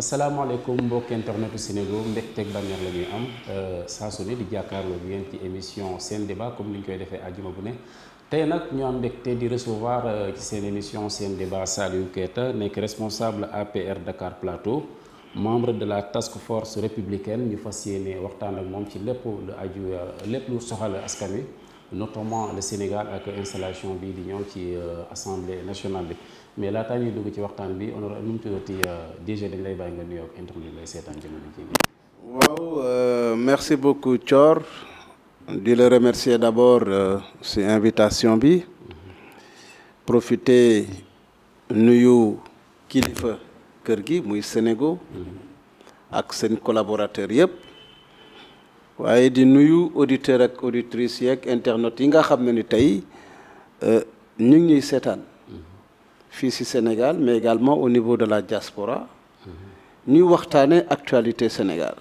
asalaamaaleykum mbokk internetu Sénégal mbégteeg bànneex la ñuy am euh, saa su ne di jàkkaarloo ngeen ci émission seen débat comme ni ñu koy defee àjjuma bu ne tey nag ñu am mbégte di recevoir euh, ci seen émission seen débat Saliou Keita nekk responsable APR Dakar Plateau membre de la task force républicaine ñu fa yéene waxtaan ak moom ci lépp lu aju euh, lépp lu soxal askan wi notamment le Sénégal ak installation bi di ñëw ci assemblée nationale bi. mais laataa ñuy dugg ci waxtaan bi honor nu mu tuddati euh, DG dañ lay bàyyi nga nuyoo ak internet lay seetaan jamono ji waaw euh, merci beaucoup coor di la remercier d'abord euh, ci invitation bi profiter nuyu kilifa kër gi muy Sénégal ak seen collaborateur yëpp waaye di nuyu auditeur ak auditrice yeeg internautes yi nga xam ne ni tey euh, ñu ngi ñuy seetaan fii si Sénégal mais également au niveau de la diaspora ñuy waxtaane actualité Sénégal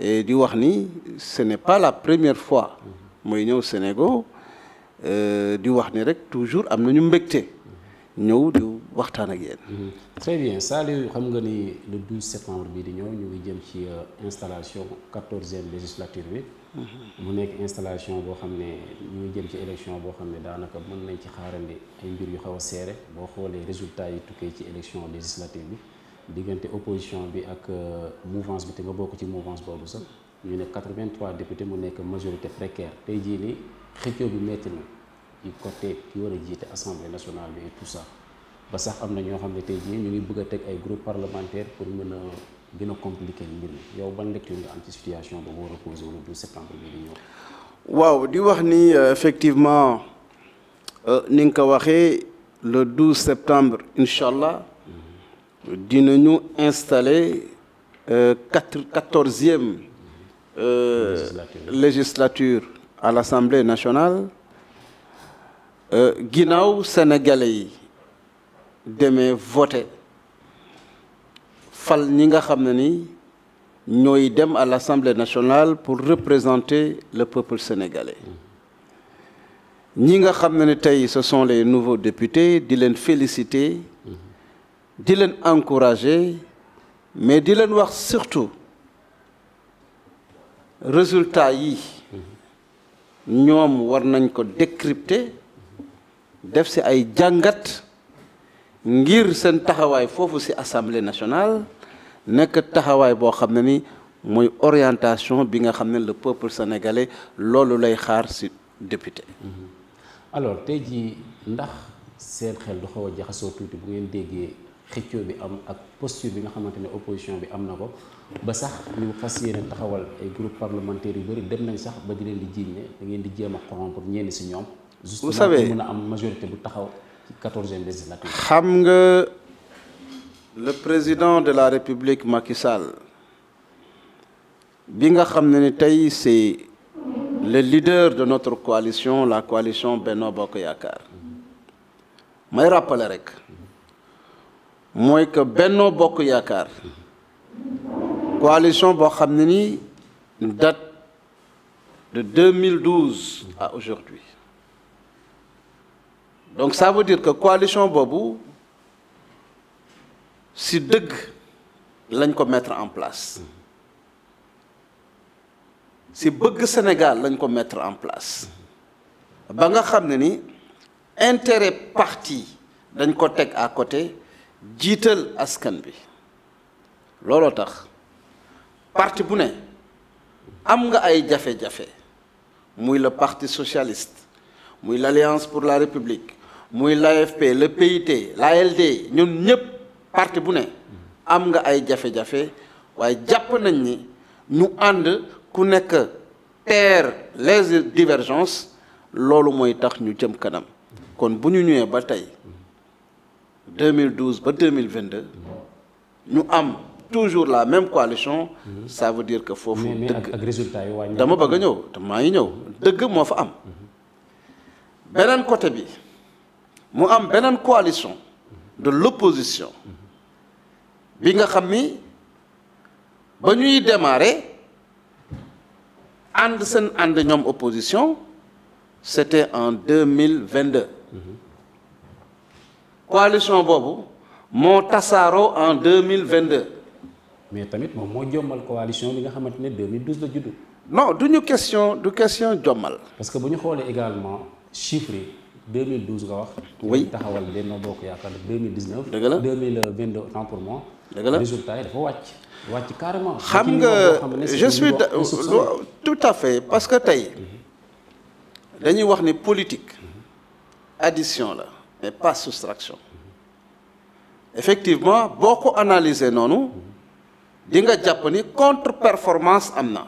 et di wax ni ce n'est pas la première fois mooy ñëw Sénégal euh, di wax ni rek toujours am nañu mbégte ñëw di waxtaan ak yéen. Mhm. très bien Saliou xam nga ni le 12 septembre bii di ñëw ñu ngi jëm ci euh, installation quatorzième législature bi. mu nekk installation boo xam ne ñu jëm ci élection boo xam ne daanaka mën nañ ci xaarandi ay mbir yu xaw a seere boo xoolee résultat yi tukkee ci élection législative bi diggante opposition bi ak euh, mouvance bi te nga bokk ci mouvance boobu sax ñu ne 83 députés mu nekk majorité précaire tey jii nii xëcco bi metti na ci côté ki war a jiite assemblée nationale bi et tout ça ba sax am na ñoo xam ne tey jii ñu ngi bëgg a teg ay groupe parlementaire pour mën a gën a compliqué mbir mi yow ban lecture nga waaw di wax ni euh, effectivement euh, ni nga ko waxee le 12 septembre incha allah dinañu installer euh, quatre quatorzième législature à l'Assemblée nationale ginnaaw sénégalais yi demee voté. fal ñi nga xam ne ni ñooy dem à l'Assemblée nationale pour représenter le peuple sénégalais ñi nga xam ne ni tey ce sont les nouveaux députés di leen féliciter di leen encourager mais di leen wax surtout résultat yi ñoom war nañ ko décrypter def ci ay jàngat ngir seen taxawaay foofu ci assemblée nationale nekk taxawaay boo xam ne ni mooy orientation bi nga xam ne la peuple sénégalais loolu lay xaar ci député. alors tey jii ndax seen xel du xaw a jaxasoo tuuti bu ngeen déggee xëccoo bi am ak posture bi nga xamante ne opposition bi am na ko ba sax ñu fas yéene taxawal ay groupe parlementaire yu bëri dem nañ sax ba di leen di jiiñ ne da ngeen di jéem a corrompre ñenn ci ñoom. vous savez justement mën a am majorité bu taxaw. quatorzième législature xam nga le président de la république Macky Sall bi nga xam ne ni tey c'est le leader de notre coalition la coalition Benno Bokk Yaakaar may rappeler rek mooy que Benno Bokk Yaakaar coalition boo xam ne ni date de 2012 à aujourd'hui donc ça veut dire que coalition boobu si dëgg lañ ko mettre en place si bëgg Sénégal lañ ko mettre en place ba nga xam ne ni intérêt parti dañ ko teg à côté jiital askan bi looloo tax parti bu ne am nga ay jafe-jafe muy le parti socialiste muy l'alliance pour la république muy l'AFP le la l'ALD ñun ñëpp parti bu ne am nga ay jafe-jafe waaye jàpp nañ ni ñu ànd ku nekk taire les divergences loolu mooy tax ñu jëm kanam kon bu ñu ñëwee ba tey 2012 ba 2022 ñu am toujours la même coalition ça veut dire que foofu dëgg dama bëgg a ñëw te maa ngi ñëw dëgg moo fa am beneen côté bi mu am beneen coalition de l'opposition bi nga xam ni ba ñuy démarrer ànd seen ànd ñoom opposition c'était en deux mille vingt-deux coalition boobu moo tasaaroo en deux mille vingt-deux mais tamit moom moo jommal coalition bi nga xamante ne deux mille douze la juddu non duñu question du question jommal parce que bu ñu xoolee également chiffres yi 2012 nga wax. oui taxawal Benno Bokk Yaakaar 2019. dëgg la 2022 autant pour moi. dëgg la résultat yi dafa wàcc. wàcc carrément. xam nga je tout à fait parce que tey dañuy wax ni politique addition la mais pas soustraction effectivement boo ko analyser noonu di nga jàpp ni contre performance am na.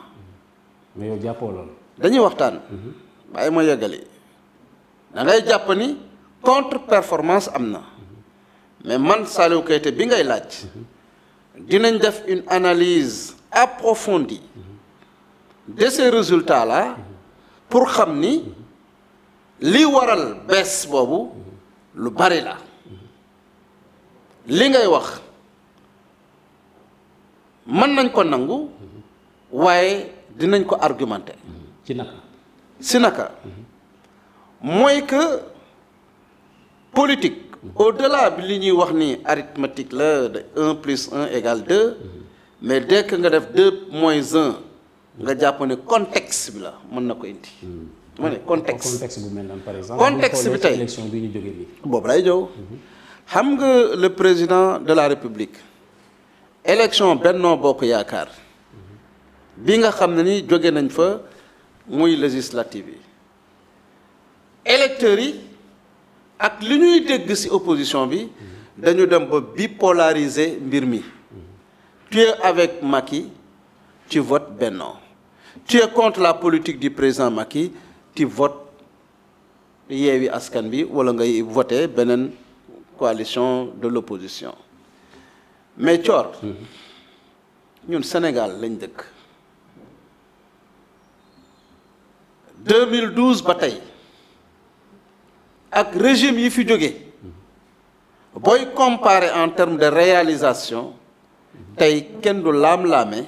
mais yow jàppoo loolu. dañuy waxtaan. Mhm. bàyyi ma yeggali. da ngay jàpp ni contre performance am na mais man Saliou bi ngay laaj dinañ def une analyse approfondie de ces résultats là pour xam ni li waral baisse boobu lu bari la li ngay wax mën nañ ko nangu waaye dinañ ko argumente ci naka si naka. mooy que politique o delà bi li ñuy wax ni arithmétique la de un plus un égale deux mais dès nga def deux moins un nga jàpp ne contexte bi la mën na ko indi. ma ne contexte contexte bu mel noonu par exemple. contexte bi tey bi ñu jógee nii. boobu lay jow xam nga le président de la république élection Benno Bokk Yaakaar bi nga xam ne ni jóge nañ fa muy législative yi. électeurs yi ak li ñuy dégg ci opposition bi dañu dem ba bipolariser mbir mi tu es avec Macky tu votes Benno tu contre la politique du président Macky tu votes Yewwi Askan bi wala ngay voter beneen coalition de l'opposition mais Thior ñun Sénégal lañ dëkk 2012 ba tey ak régime yi fi jóge booy comparer en termes de réalisation tey kenn du laam-laame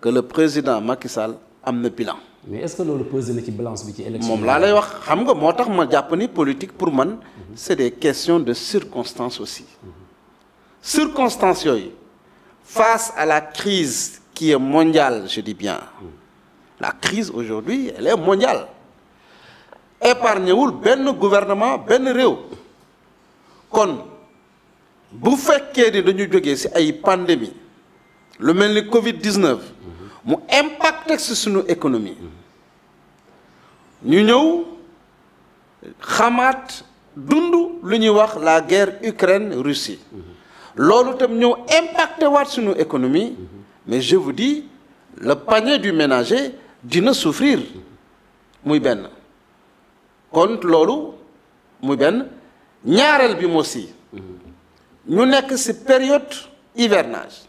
que le président Macky Sall am na bilan. mais est-ce que loolu pesé na ci balance bi ci élection moom laa lay wax xam nga moo tax ma jàpp ni politique pour man c'est des questions de circonstances aussi circonstances yooyu face à la crise qui est mondiale je dis bien la crise aujourd'hui elle est mondiale épargné wul benn gouvernement benn réew kon bu fekkee ni dañu jógee ci ay pandémie lu mel ni Covid 19 mu impacté ci suñu économie ñu ñëw xamaat dund lu ñuy wax la guerre Ukraine Russie loolu tam ñëw impacté waat suñu économie mais je vous dis le panier du ménager dina souffrir muy benn. kon loolu mu benn ñaareel bi moo si ñu nekk ci période hivernage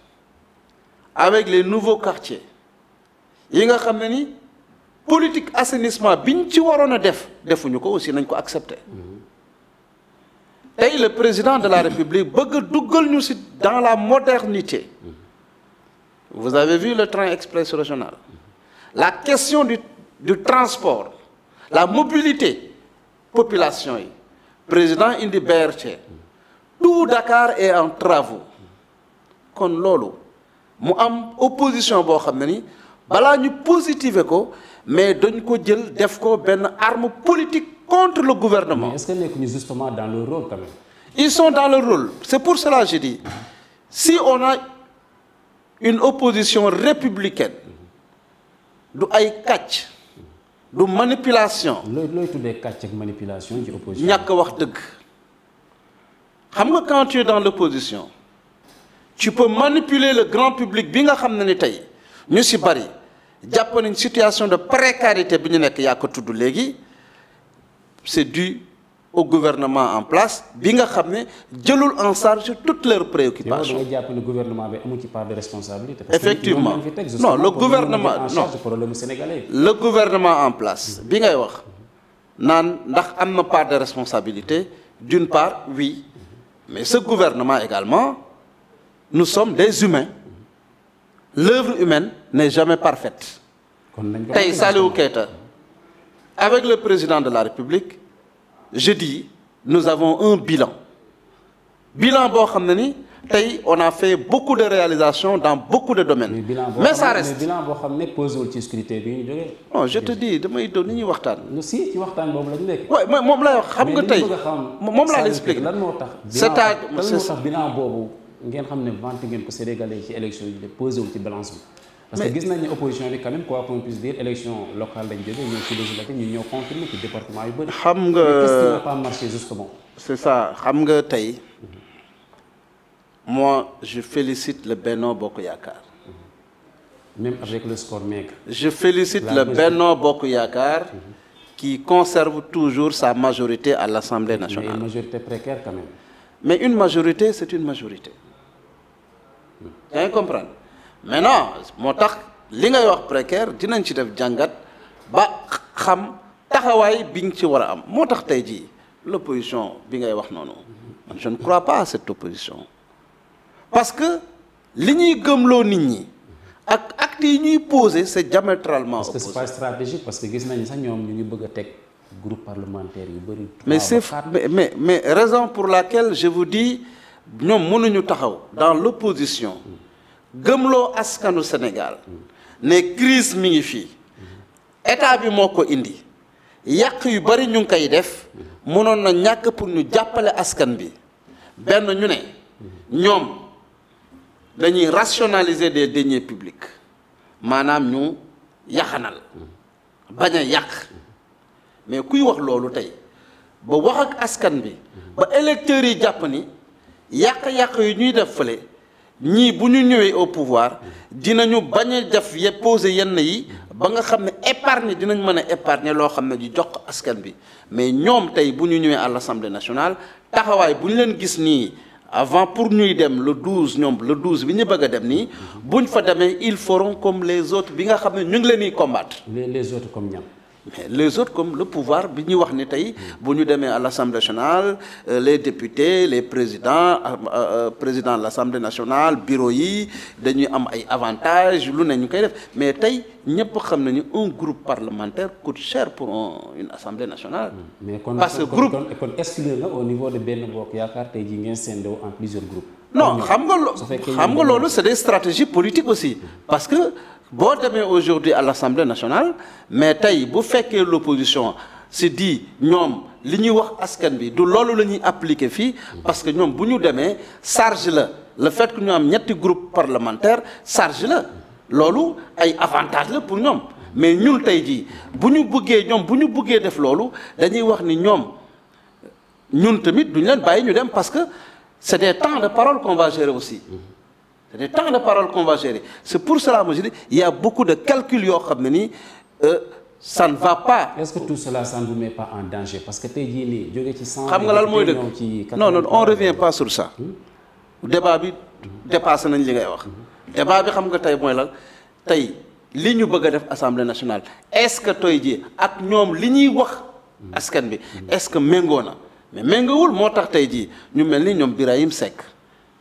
avec les nouveaux quartiers yi nga xam ne ni politique assainissement biñ ci waroon a def defuñu ko aussi nañ ko accepter tey le président de la république bëgg duggal ñu ci dans la modernité vous avez vu le train express régional la question du du transport la mobilité population yi président indi BRT tout Dakar est en travaux kon loolu mu am opposition boo xam ne ni balaa ñu positiver ko mais dañ ko jël def ko benn arme politique contre le gouvernement. mais est-ce dans le rôle quand même. ils sont dans le rôle c'est pour cela je dis si on a une opposition républicaine du ay kàcc. du manipulation. looy looy tuddee kàcc ak ñàkk wax dëgg xam nga quand tu es dans l' opposition tu peux manipuler le grand public bi nga xam ne ni tey ñu si bari jàpp nañ situation de précarité bi ñu nekk yaa ko tudd léegi c' est dû. au gouvernement en place bi nga xam ne jëlul en charge toutes leurs préoccupations. da nga bi amul ci part de responsabilité. effectivement non le gouvernement non le gouvernement en place bi ngay wax naan ndax am na part de responsabilité d'une part oui mais ce gouvernement également nous sommes des humains l'œuvre humaine n'est jamais parfaite. tey Saliou Keita avec le président de la République. jeudi nous avons un bilan bilan boo xam ne ni tey on a fait beaucoup de réalisations dans beaucoup de domaines. mais ça reste bilan boo xam ne posé wul ci scrutin bi ñu jógee. non je te dis damay doon ni ñuy waxtaan. si ci waxtaan boobu la ñu nekk. waaw mais moom laa xam nga tey moom laa l'expliquer lan moo tax. c'est-à-dire lan moo tax bilan boobu ngeen xam ne vente ngeen ko Sénégalais ci élection yi de posé wul ci balance bi. parce que gis nañ ne opposition bi quand même quoi qu'on puisse dire élection locale lañ jógee ñëw ci législative ñu ñëw confirmer département yu bëri. xam nga qu'est-ce qui n'a pas xam nga tey moi je félicite le Benno Bokk Yaakaar. même le score maigre. je félicite le Benno Bokk Yaakaar. qui conserve toujours sa majorité à l'Assemblée nationale. mais une majorité une majorité c'est une majorité. yaa comprendre. mais non moo tax li ngay wax précaire dinañ ci def jàngat ba xam taxawaay bi biñ ci war a am moo tax tey jii l'opposition bi ngay wax noonu man je ne crois pas à cette opposition parce que li ñuy gëmloo nit ñi ak actes yi ñuy posé c'est diamétralement opposé. parce que parce que gis nañ sax ñoom ñu ngi bëgg a teg groupe parlementaire yu bëri. mais c'est mais mais mais raison pour laquelle je vous dis ñoom mënuñu taxaw dans l'opposition. gëmloo askanu Sénégal ne crise mi ngi fii état bi moo ko indi yàq yu bari ñu ngi koy def mënoon na ñàkk pour ñu jàppale askan bi benn ñu ne ñoom dañuy rationaliser des deniers publique maanaam ñu yaxanal bañ a yàq mais kuy wax loolu tey ba wax ak askan bi ba électeurs yi jàpp ni yàq-yàq yi ñuy def fële ñii bu ñu ñëwee au pouvoir ñu bañ a jaf ye posé yenn yi ba nga xam ne épargne dinañ mën a épargner loo xam ne di jox askan bi mais ñoom tey bu ñu ñëwee à l'Assemblée nationale taxawaay bu ñu leen gis nii avant pour ñuy dem le 12 ñoom le 12 bi ñu bëgg dem nii buñ fa demee il feront comme les autres bi nga xam ne ñu ngi leen di combattre. les autres comme ñam. mais les autres comme le pouvoir bi ñuy wax ni tey bu ñu demee à l'Assemblée nationale euh, les députés les présidents euh, euh, président de l'Assemblée nationale bureau yi dañuy am ay avantages lu ne ñu koy def mais tey ñëpp xam nañu un groupe parlementaire coûte cher pour une Assemblée nationale. Hmm. mais kon parce que groupe kon exclure au niveau de benn bokk yaakaar tey jii ngeen seen en plusieurs groupes. non xam nga loolu c'est des stratégies politiques aussi parce que. boo demee aujourd'hui à l'Assemblée nationale mais tey bu fekkee l'opposition si di ñoom li ñuy wax askan bi du loolu la ñuy appliquer fii parce que ñoom bu ñu demee charge la le fait que ñu am ñetti groupe parlementaire charge la loolu ay avantage la pour ñoom mais ñun tey jii bu ñu bëggee ñoom bu ñu bëggee def loolu dañuy wax ni ñoom ñun tamit duñu leen bàyyi ñu dem parce que c'est des temps de parole qu'on va gérer aussi c'est des temps de parole qu'on va gérer c'est pour cela moi je beaucoup de calculs yoo xam ne nii euh, ça ne va pas. est-ce que tout cela ça ne parce que tey jii nii jóge ci. xam nga lal mooy dëgg non non on revient pas sur sa hmm? débat bi dépassé nañ li ngay wax. Hmm? débat bi xam nga tey mooy lan tey li ñu bëgg a def assemblée nationale est-ce que toy jii ak ñoom li ñuy wax. askan bi hmm. est-ce que méngoo na mais méngoowul moo tax tey jii ñu mel ni ñoom Birahim Seck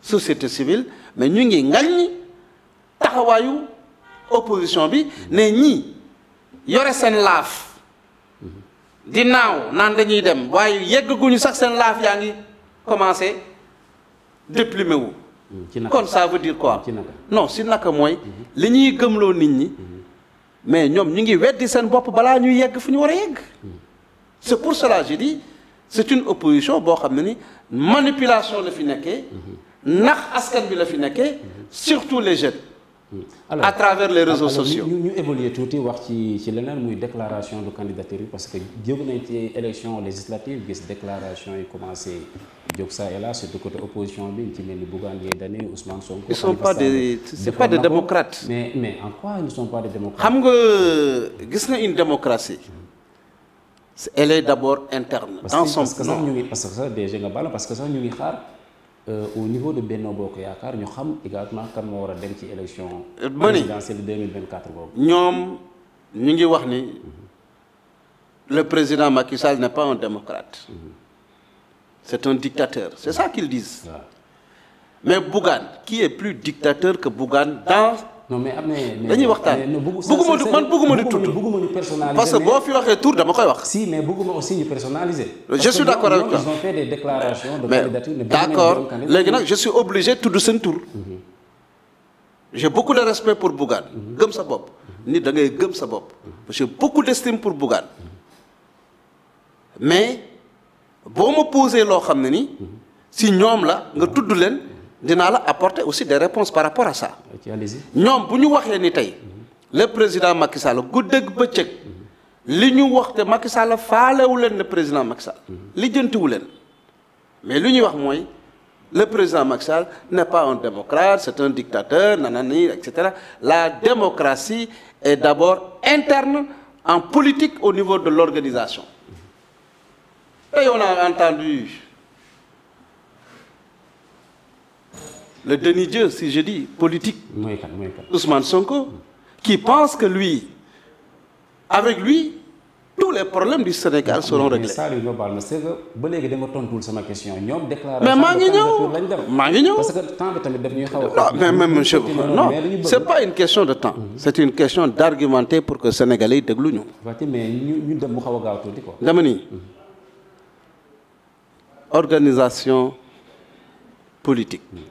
société civile. mais ñu ngi ngañ taxawaayu opposition bi ne ñii yore seen laaf di naaw naan dañuy dem waaye yeggaguñu sax seen laaf yaa ngi commencé déplimer wu. Hmm, kon ça veut dire quoi hmm, non si naka mooy hmm, li ñuy gëmloo nit ñi mais ñoom ñu ngi weddi seen bopp balaa ñuy yegg fu ñu war a yegg c'est pour cela je dis c'est une opposition boo xam ne ni manipulation la fi nekkee ndax askan bi la fi nekkee surtout les jeunes. alors hmm. à travers les réseaux sociaux ñu ñu tuuti wax ci ci leneen muy déclaration de candidature yi parce que jóg nañ ci élection législative gis déclaration yi commencé jóg ça et là surtout côté opposition bi ci mel ni Bougane Gueye Dany Ousmane Sonko. ils sont pas des c'est pas des démocrates. mais mais en quoi ils ne sont pas des démocrates. xam nga gis na une démocratie. elle est d'abord interne. dans son ñu ngi parce que sax DG que sax ñu ngi xaar. Euh, au niveau de Benno Bokk Yaakaar ñu xam également kan moo war a dem ci élection présidentielle 2024 boobu ñoom ñu ngi wax ni le président Macky Sall n'est pas un démocrate mm-hmm. c'est un dictateur c'est ça qu'ils disent mais Bougane qui est plus dictateur que Bougane dans mais am na dañuy waxtaan bëgguma du man bëgguma di tudd bëgguma ñu personnaliser parce que boo fi waxee tur dama koy wax. si mais bëgguma aussi ñu personnaliser. je suis d' accord avec toi ils ont fait des léegi nag je suis obligé tudd seen tur. Mhm. j'ai beaucoup de respect pour Bougane. Mhm. gëm sa bopp nit da ngay gëm sa bopp. j'ai beaucoup d' estime pour Bougane mhm. mais boo ma posé loo xam ne ni si ñoom la nga tudd leen. dinaa la apporter aussi des réponses par rapport à ça. ñoom bu ñu waxee ni tey le président Macky Sall guddeeg bëccëg li ñu wax te Macky Sall faalewu leen le président Macky Sall. lijjantiwu leen mais li ñuy wax mooy le président Macky Sall n'est pas un démocrate c'est un dictateur nanani et cetera la démocratie est d'abord interne en politique au niveau de l'organisation. Et on a entendu. le demi-dieu, si je dis, politique, Ousmane Sonko, qui pense que lui, avec lui, tous les problèmes du Sénégal seront réglés. mais maa ngi ñëw maa ngi ñëw. non mais même monsieur non c' est pas une question de temps. Mhm. c' est une question d' argumenter pour que sénégalais yi déglu ñu. dama ni mhm. organisation politique. Mhm.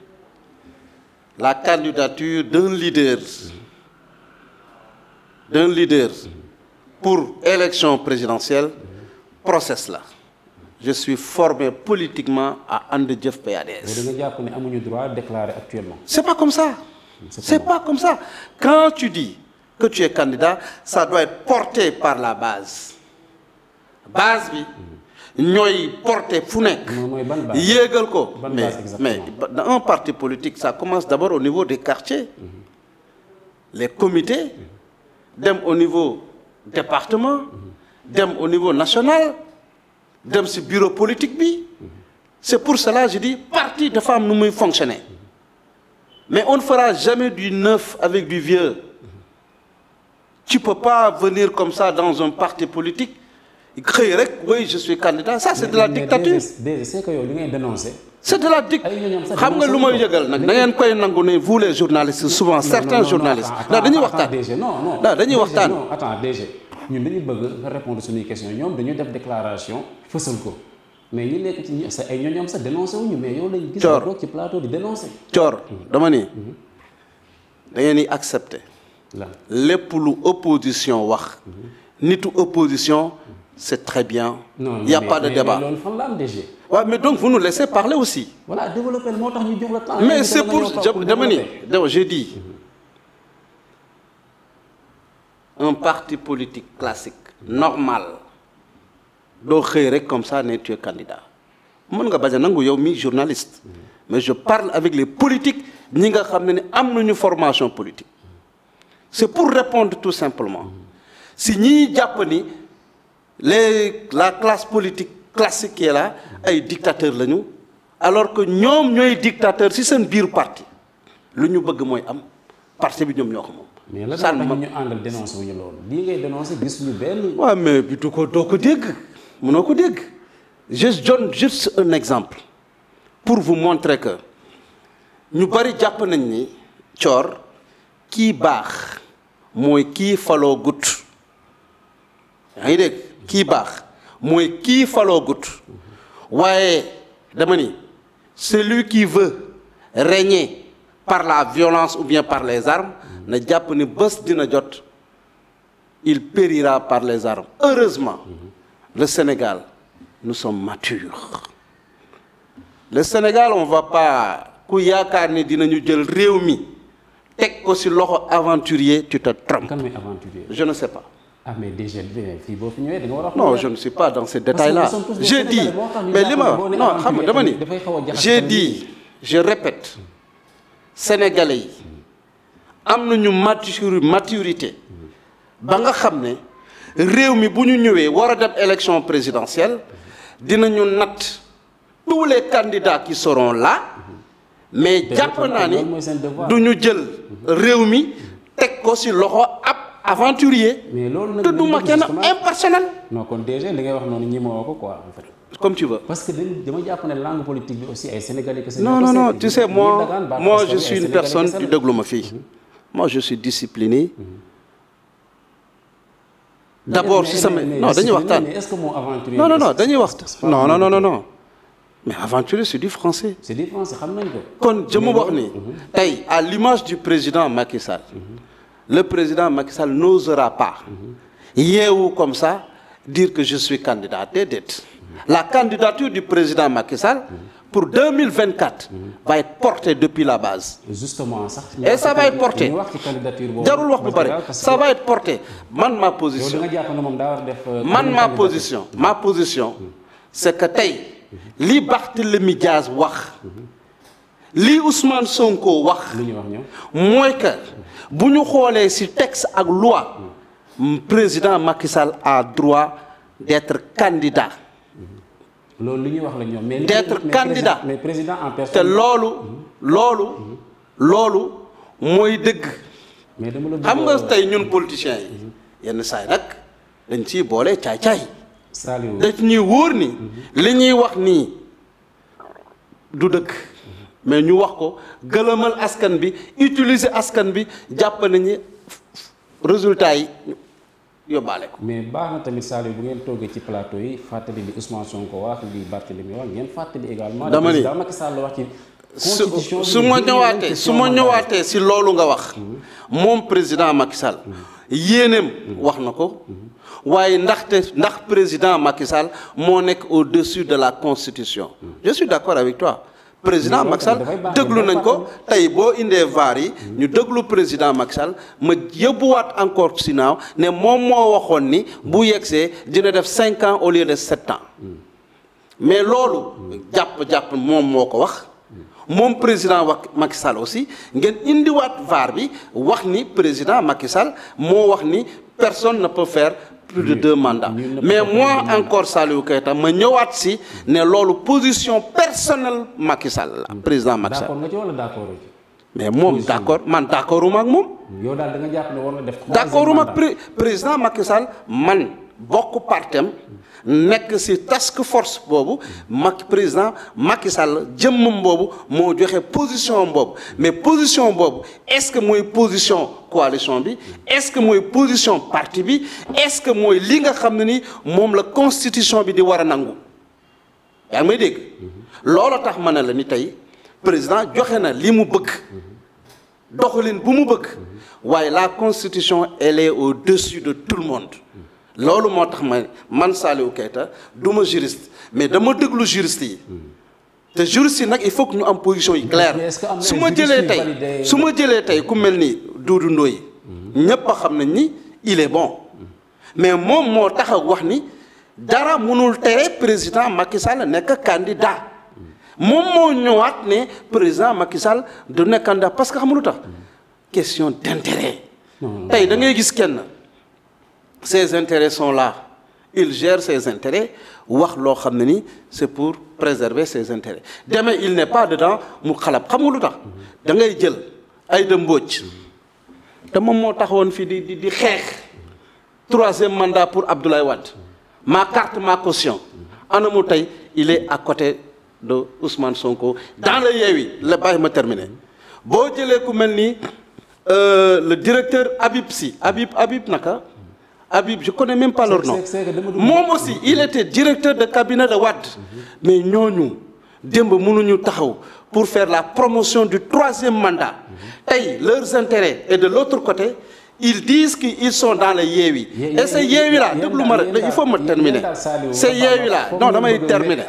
la candidature d'un leader, d'un leader pour élection présidentielle, process la. Je suis formé politiquement à Andejef PADS. Mais droit déclarer actuellement. C'est pas comme ça. C'est pas comme ça. Quand tu dis que tu es candidat, ça doit être porté par la base. ñooy porter fu nekk. yéegal ko. mais un parti politique ça commence d'abord au niveau des quartiers. Mm-hmm. les comités. Mm-hmm. dem au niveau département. Mm-hmm. dem au niveau national. dem ci bureau politique bi. c'est pour cela je dis parti dafa am nu muy fonctionner. mais on ne fera jamais du neuf avec du vieux. tu peux pas venir comme ça dans un parti politique. xëy rek oui je suis candidat ça c' est de la dictature. c'est de la dic xam nga lu may yëgal nag da ngeen koy nangu ne vous les journalistes souvent certains journalistes. ndax dañuy waxtaan non non non dañuy waxtaan. non attends DG ñun mm-hmm. dama ni mm-hmm. da ngeen di lépp lu opposition wax. Mm-hmm. nitu opposition. c'est très bien. non il y a mais, pas de débat mais la am DG. waaw mais donc vous nous laissez parler aussi. voilà tax ñu jox la temps. mais c'est pour dama ni donc mhm. un parti politique classique normal doo xëy rek comme ça ne tu candidat mën nga bañ a nangu yow mi journaliste. Mhm. mais je parle avec les politiques ñi nga xam ne ne am nañu formation politique. c'est pour répondre tout simplement mhm. si ñi jàpp les la classe politique classique qui est là ay dictateurs lañu alors que ñoom ñooy dictateur ci seen biir parti lu ñu bëgg mooy am parti bi ñoom ñoo ko moom. mais ma la ñu àndal dénoncé wu ñu loolu lii ngay dénoncé gis ñu benn. waaw mais bi du ko doo ko dégg mënoo ko dégg je donne juste un exemple pour vous montrer que ñu bari jàpp nañ ni coor kii baax mooy kii faloo gut yaa ngi dégg. kii baax mooy kii faloo gut waaye dama ni celui qui veut régner par la violence ou bien par les armes na jàpp ni bés dina jot il périra par les armes heureusement le Sénégal nous sommes matures le Sénégal on va pas ku yaakaar ni dinañu jël réew mi teg ko ci loxo aventurier tu te trompes. Kan mooy aventurier? je ne sais pas ah a. non je ne suis pas dans ces détails là j'ai dit mais li ma xam nga dama ni j'ai dit je répète sénégalais yi am nañu mature maturité ba nga xam ne réew mi bu ñu ñëwee war a dem élection présidentielle ñu natt tous les candidats qui seront là mais jàpp naa ni du ñu jël réew mi teg ko ci loxo ab. aventurier. mais loolu nag tudduma kenn impersonnel. non kon déjà li wax noonu ñi ma woo tu veux. que dama jàpp ne langue politique bi aussi ay sénégalais. non non non tu moi je suis une personne du déglu mhm. moi je suis discipliné. Mhm. d' si sama non dañuy waxtaan. non non non dañuy waxtaan. non non non non mais aventurier c' est du français. c' xam nañ ko. je mu ni. Mhm. tey à l'image du président Macky Sall. le président Macky Sall n'osera pas yeewu comme ça dire que je suis candidat déedéet la candidature du président Macky Sall pour 2024 va être portée depuis la base justement sax et ça va être porté jarul wax bu bari ça va être porté man ma position euh, man ma position ma position c'est que tey li Barthélémy Diaz wax lii Ousmane Sonko wax. mooy que bu ñu xoolee ci texte ak loi président Macky Sall a droit d'être candidat. loolu li ñuy wax la ñoom mais. d'être candidat mais président en personne. te loolu loolu. loolu mooy dëgg. xam nga tey ñun politiciens yi. yenn saay nag dañ ciy boole caay-caay. daf ñuy wóor ni. Mhm. li ñuy wax nii du dëkk mais ñu wax ko gëlëmal askan bi utiliser askan bi jàpp nañu résultat yi yóbbaale ko. mais baax tamit Saliou bu ngeen toogee ci plateau yi fàttali li Ousmane Sonko wax li Barthélémy ngeen fàttali également. dama ni Macky wax ci. su su ma ñëwaatee su ma ñëwaatee si loolu nga wax mhm. moom président Macky Sall mhm. Mhm. wax na ko waaye ndaxte ndax président Macky moo nekk au-dessus de la constitution je suis d'accord avec président Macky Sall déglu nañ ko tey boo indee vaar yi ñu déglu président Macky Sall ma yóbbuwaat encore sinaaw ne moom moo waxoon ni bu yegsee dina def cinq ans au lieu de sept ans mais loolu jàpp-jàpp moom moo ko wax moom président wa Macky Sall aussi ngeen indiwaat vaar bi wax ni président Macky Sall moo wax ni personne na peut faire plus de deux mandats mais moi encore Saliou Keita ma ñëwaat si ne loolu position personnelle Macky Sall la président Macky Sall. d'accord nga ci wala d'accord mais moom d'accord man d'accorduma ak moom. yow daal da nga jàpp ne def. d'accorduma ak président Macky Sall man. bokk partem nekk ci task force boobu Macky président Macky Sall jëmmam boobu moo joxe position boobu mais position boobu est-ce que mooy position coalition bi est-ce que mooy position parti bi est-ce que mooy li nga xam ne ni moom la constitution bi di war a nangu yaa ngi may dégg loolu tax ma ne la ni tey président joxe na li mu bëgg doxalin bu mu bëgg waaye la constitution elle est au-dessus de tout le monde loolu moo tax ma man Saliou Keita du ma juriste mais dama déglu juriste yi te juriste yi nag il foog que ñu am position yi claire su ma jëlee tey su ma jëlee tey ku mel ni Doudou Ndoye ñépp a xam nañ ni il bon mais moom moo tax wax ni dara mënul tere président Macky Sall nekk candidat moom moo ñëwaat ne président Macky Sall du nekk candidat parce que xam lu tax question d'intérêt tey da ngay gis kenn ses intérêts sont là il gère ses intérêts wax loo xam ne ni c'est pour préserver ses intérêts demain il n'est pas dedans mu xalab xam nga lu tax da ngay jël ay de mbóoj te moom moo taxawoon fii di di xeex troisième mandat pour Abdoulaye Wade ma carte ma caution ana mu tey il est à côté de Ousmane Sonko dans le Yewwi la bàyyi ma terminer boo jëlee ku mel ni euh, le directeur Habib Sy Habib Habib naka Habib je connais même pas leur nom moom aussi il était directeur de cabinet de Wade mais ñooñu démb mënuñu taxaw pour faire la promotion du troisième mandat tey leurs intérêts et de l'autre côté ils disent qu'ils sont dans le Yewwi et c'est Yewwi là déglu ma rek il faut ma terminer c'est Yewwi là non damay terminer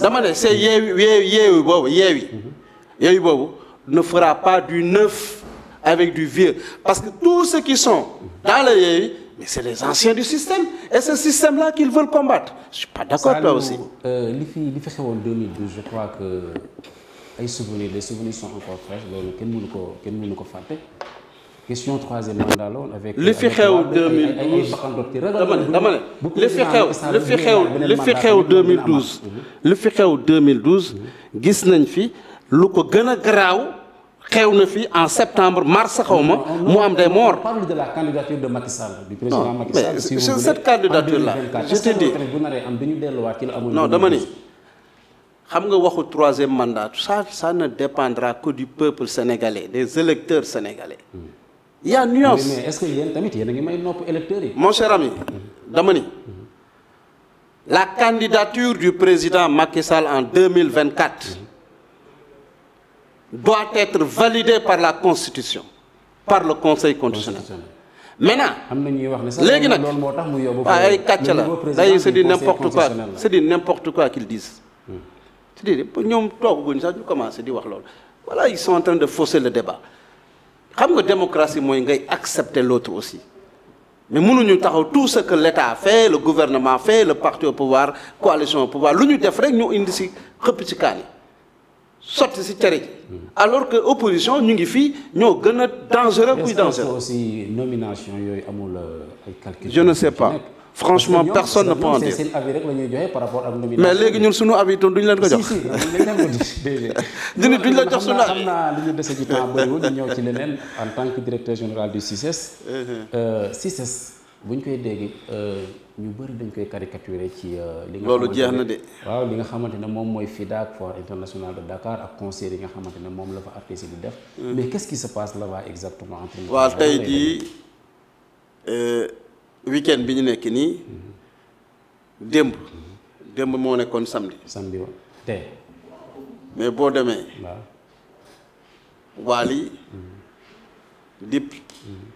dama ne c'est Yewwi Yewwi Yewwi boobu Yewwi ne fera pas du neuf avec du vieux parce que tous ceux qui sont dans le Yewwi mais c'est les anciens du système et ce système-là qu'ils veulent combattre je suis pas d'accord toi aussi. li fi li fi xewoon je crois que ay souvenirs les souvenirs sont encore fraîches loolu kenn mënu ko kenn mënu ko fàtte. question troisième mandat la woon avec. li fi xew 2012 dama ne dama ne li fi xew li fi xew li fi xew 2012. li fi gis nañ fi lu ko gën a garaaw. xew na fi en septembre mars xaw ma mu am des morts. on de la candidature de Macky Sall. du président Macky Sall si vous voulez cette candidature là je te dis bu non dama ni xam nga waxu troisième mandat ça ça ne dépendra que du peuple sénégalais des électeurs sénégalais. Hmm. y a nuance est-ce que yéen tamit yéen a ngi may nopp électeurs yi. mon cher ami hmm. dama ni. Hmm. la candidature du président Macky Sall en 2024 doit être validé par la Constitution par le Conseil constitutionnel. maintenant léegi nag ah, ay kàcc la day c'est du n'importe quoi c'est du n'importe quoi qu'ils disent. Hmm. cest di dire ñoom toogaguñ sax ñu commencé di wax loolu voilà ils sont en train de fausser le débat xam nga démocratie mooy ngay accepter l'autre aussi mais mënuñu taxaw tout ce l'État fait la gouvernement fait la parti au pouvoir coalition au pouvoir lu ñu def rek ñu indi si xëpp ci kaan sotti si cere ji alors que opposition ñu ngi fii ñoo gën a dangereux kuy dangereux aussi nomination yooyu amul euh, ay calcul je ne sais pas franchement personne ne peut la ñuy joxe par rapport ak nomination mais léegi ñun suñu avis itam duñ leen ko jox si si duñ duñ la jox suñu avis xam naa li ñu dese ci temps bëriwul ñu ñëw ci leneen en tant que directeur général du CICES e uh-huh. euh, CICES buñ koy dégg euh, ñu bëri dañ koy caricaturer ci. Euh, li nga loolu jeex na de. waaw li nga xamante ne moom mooy FIDAK foire internationale de Dakar ak concert yi nga xamante ne moom la fa artiste di def. Mm. mais qu'est-ce qui se passe là-bas exactement. entre waaw tey jii euh, bi ñu nekk nii. Mm-hmm. démb. démb moo nekkoon samedi. samedi wa tey. mais boo demee. waaw. Wally. Mm-hmm. Dip. Mm-hmm.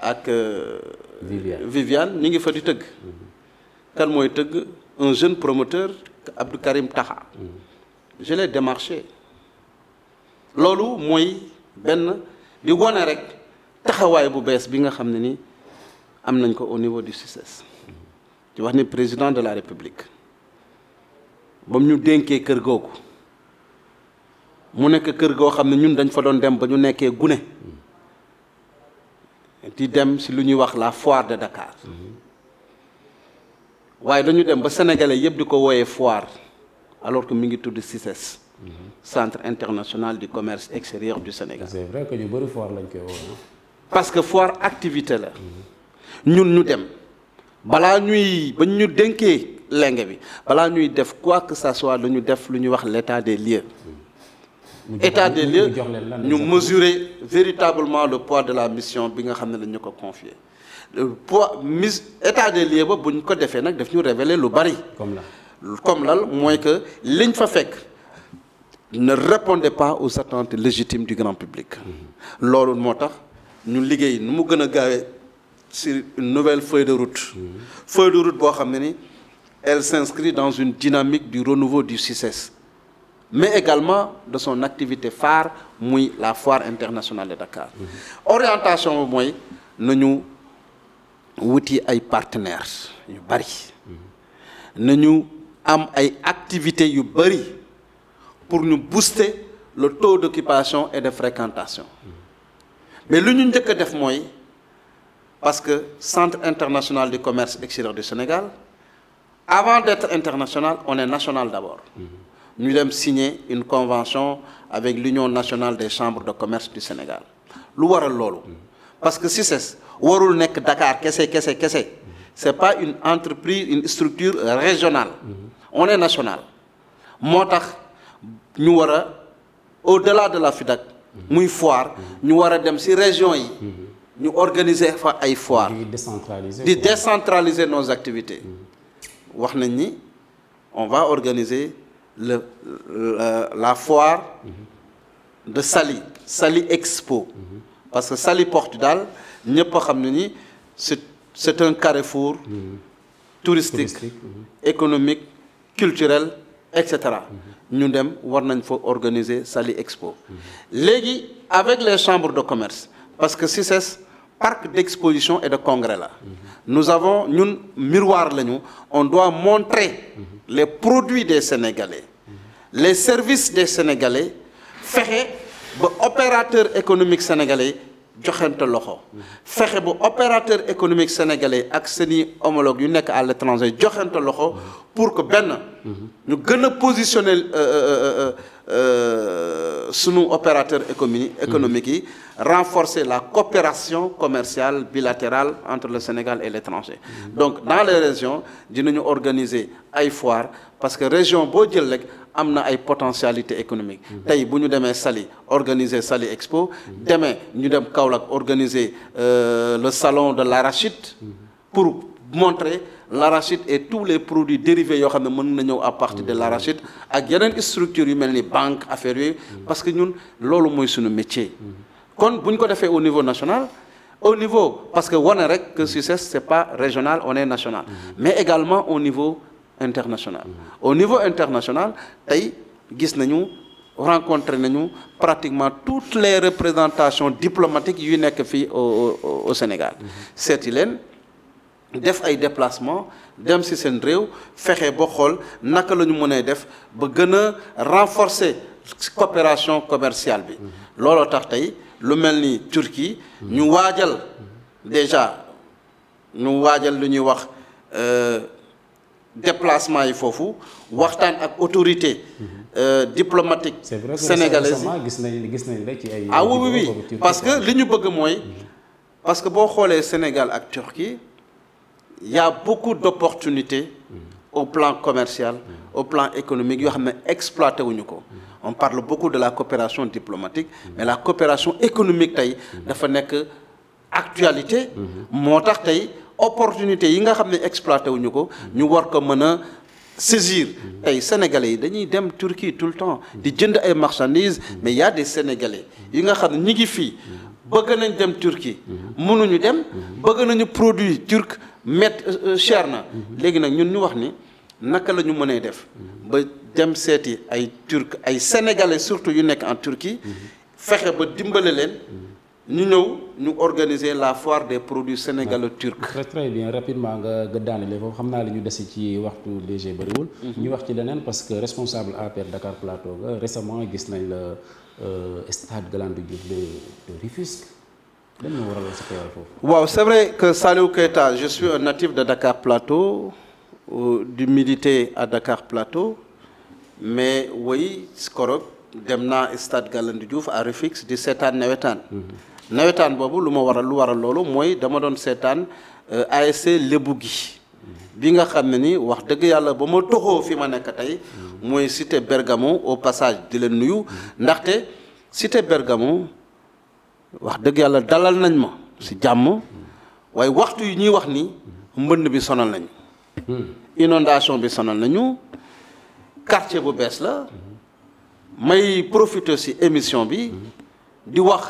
ak. Euh, Viviane ñu ngi fa di tëgg mm-hmm. kan mooy tëgg un jeune promoteur Abdou Karim Taha mm-hmm. je l'ai démarché loolu mooy benn di wone rek taxawaay bu bees bi nga xam ne ni am nañ ko au niveau du CICES mm-hmm. di wax ni président de la république ba mu ñu dénkee kër googu mu nekk kër goo xam ne ñun dañ fa doon dem ba ñu nekkee gune di dem si lu ñuy wax la foire de Dakar waaye dañu dem ba sénégalais yëpp di ko wooyee foire alors que mi ngi tudd ses centre international du commerce extérieur du Sénégal. c'est ñu bëri foire lañ koy woo parce que foire activité la ñun ñu dem balaa ñuy ba ñu dénkee lenge bi balaa ñuy def quoi que ça soit lu ñu def lu ñuy wax l'état des lieux. état des lieux ñu mesurer véritablement le poids de la mission bi nga xam ne lañ ko confier poids mis état des lieux ba buñ ko defee nag def ñu révéler lu bari. comme lan comme lan mooy que liñ fa fekk ne répondait pas aux attentes légitimes du grand public. Mm-hmm. loolu moo tax ñu liggéey nu mu gën a gaawee si une nouvelle feuille de route. Mm-hmm. feuille de route boo xam ne ni elle s'inscrit dans une dynamique du renouveau du CICES. mais également de son activité phare muy la foire internationale de Dakar orientation bi mooy nañu wuti ay partenaires yu bari nañu am ay activités yu bari pour ñu booster le taux d'occupation et de fréquentation mais lu ñu njëkk a def mooy parce que centre international du commerce extérieur du Sénégal avant d'être international on est national d'abord ñu dem signer une convention avec l'union nationale des chambres de commerce du Sénégal lu waral loolu parce que CICES e warul nekk Dakar kese kese kese c'est pas une entreprise une structure régionale on est national moo tax ñu war a au-delà de la FIDAC muy foire ñu war a dem si région yi ñu organiser fa ay foire di décentraliser di décentraliser nos activités mm-hmm. wax nañ ni on va organiser la, la foire de Saly Saly Expo parce que sali Portudal ñëpp a xam ne ni c'est c'est un carrefour touristique, touristique économique culturel et cetera ñu dem war nañ fa organiser Saly Expo léegi avec les chambres de commerce parce que CICES parc d'exposition et de congrès la nous avons ñun miroir lañu on doit montrer les produits des sénégalais les services des sénégalais fexe ba opérateur économique sénégalais joxante loxo fexe ba opérateur économique sénégalais ak seni homologue yu nekk à l'étranger joxante loxo pour que benn ñu gën a positionner euh, euh, euh, Euh, sunu opérateurs économiques yi renforcer la coopération commerciale bilatérale entre le Sénégal et l'étranger donc dans les régions dinañu organiser ay foire parce que région boo jël rek am na ay potentialité économique tey bu ñu demee sali organiser sali Expo demee ñu dem Kaolack organiser euh, le salon de l'arachide pour montrer l'arachide et tous les produits dérivés yoo xam ne mën na ñëw à partir de l'arachide ak yeneen structures yu mel ni banque affaire yooyu parce que ñun loolu mooy suñu métier kon bu ñu ko defee au niveau national au niveau parce que wane rek que succès c'est pas régional on est national mais également au niveau international au niveau international tey gis nañu rencontré nañu pratiquement toutes les représentations diplomatiques yu nekk fii au au Sénégal seeti leen def ay déplacement dem si seen réew fexe ba xool naka la ñu mënee def ba gën a renforcer coopération commerciale bi looloo tax tey lu mel ni Turquie ñu waajal déjà ñu waajal lu ñuy wax euh, déplacement yi foofu waxtaan ak autorité euh, diplomatique sénégalaise ah oui oui parce que li ñu bëgg mooy parce que boo xoolee Sénégal ak Turquie y a beaucoup d'opportunités au plan commercial au plan économique yoo xam ne exploité wuñu ko on parle beaucoup de la coopération diplomatique mais la coopération économique tey dafa nekk actualité moo tax tey opportunité yi nga xam ne exploité wuñu ko ñu war ko mën a saisir tey sénégalais yi dañuy dem Turquie tout le temps di jënd ay marchandises mais y a des sénégalais yi nga xam ne ñi ngi fii bëgg nañ dem Turquie mënuñu dem bëgg nañu produit turc met euh, euh, chair na léegi nag ñun ñu wax ni naka la ñu mënee def ba dem seeti ay turc ay sénégalais surtout yu nekk en Turquie fexe ba dimbale leen ñu ñëw ñu organiser la foire des produits sénégalo-turcs. très très bien rapidement nga nga daanale foofu xam naa li ñu dese ci waxtu DG bëriwul. Mhm. ñu wax ci leneen parce que responsable APR Dakar Plateau nga récemment gis nañ la. Euh, stade Galandou Diouf de de Rufisque lan moo waral sa teewaay foofu. waaw c'est vrai que Saliou Keita je suis un natif de Dakar Plateau du militer à Dakar Plateau mais woy skorog dem na stade Galandou Diouf à Rufisque di seetaan nawetaan. Mm-hmm. nawetaan boobu lu ma waral lu a loolu mooy dama doon seetaan euh, ASC Lebu gi mm-hmm. bi nga xam ne ni wax dëgg yàlla ba ma toxoo fi ma nekk tey. Mm-hmm. mooy cité Bergamo au passage di leen nuyu ndaxte cité Bergamo wax dëgg yàlla dalal nañ ma si jàmm waaye waxtu yi ñuy wax ni mbënn bi sonal nañu inondation bi sonal nañu quartier bu bees la may profiter si émission bi di wax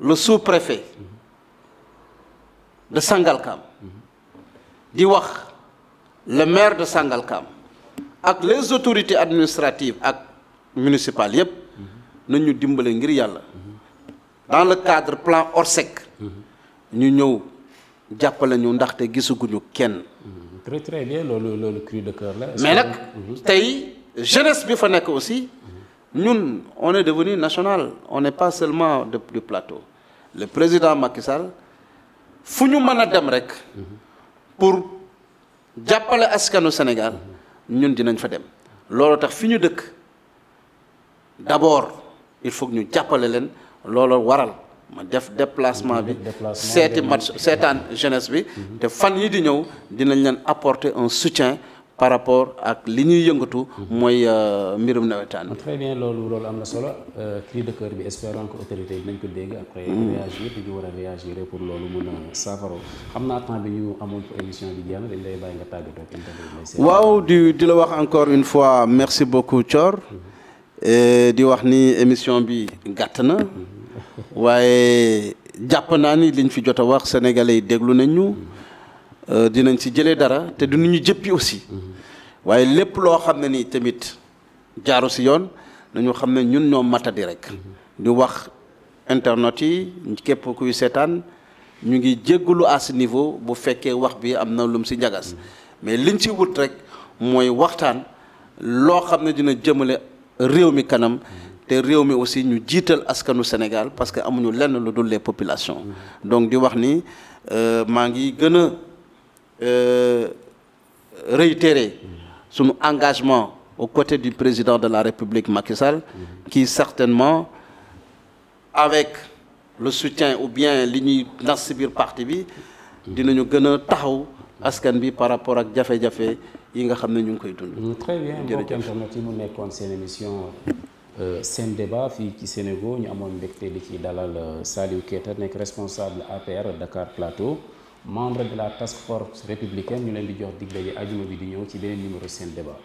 le sous-préfet de Sangalkam di wax le maire de sangalkaam ak les autorités administratives ak municipales yëpp nañu dimbale ngir yàlla dans le cadre plan Orsec ñu ñëw jàppale ñu ndaxte gisaguñu kenn. très très bien loolu loolu de cœur la. mais nag mhm. tey jeunesse bi fa nekk aussi ñun on est devenu national on n'est pas seulement de du plateau le président Macky Sall fu ñu mën a dem rek pour jàppale askanu Sénégal. ñun dinañ fa dem loolu tax fi ñu dëkk d'abord il faut ñu jàppale leen loolu waral ma def déplacement bi seeti match seetaan jeunesse bi mhm. te fan yi di ñëw dinañ leen apporter un soutien par rapport ak li ñuy yëngatu. Mhm. mooy euh, mbirum nawetaan bi. très loolu loolu am na solo euh, cri de cœur bi espérons que autorité yi nañ ko dégg après. Mhm. réagir ñu war a pour loolu mun a saafara xam naa temps bi ñu amoon pour émission bi jeex na dañ lay bàyyi nga waaw di di la wax encore une fois merci beaucoup Thior. Mhm. Euh, di wax ni émission bi gàtt na waaye jàpp naa ni liñ fi jot a wax sénégalais yi déglu nañ ñu dinañ si jëlee dara te du ñu jëppi aussi. waaye lépp loo xam ne nii tamit jaaru si yoon nañu xam ne ñun ñoo mata di rek mm-hmm. di wax internet yi képp kuy seetaan ñu ngi jéggalu à ce niveau bu fekkee wax bi am na lum si njagas mm-hmm. mais liñ ci wut rek mooy waxtaan loo xam ne dina jëmale réew mi kanam mm-hmm. te réew mi aussi ñu jiital askanu Sénégal parce que amuñu lenn lu dul les populations donc di wax ni euh, maa ngi gën a euh, téere sunu engagement aux côtés du président de la République Macky Sall qui certainement avec le soutien ou bien li ñuy nas si biir parti bi dinañu gën a taxaw askan bi par rapport ak jafe-jafe yi nga xam ne ñu ngi koy dund. Mm, très bien mbokk internet yi mu nekkoon seen émission euh, seen débat fii ci Sénégal ñu amoon mbégte di ci dalal euh, Saliou Keita nekk responsable APR Dakar Plateau. membre de la task force républicaine ñu leen di jox dig daje ajuma bi di ñëw ci beneen numéro seen débat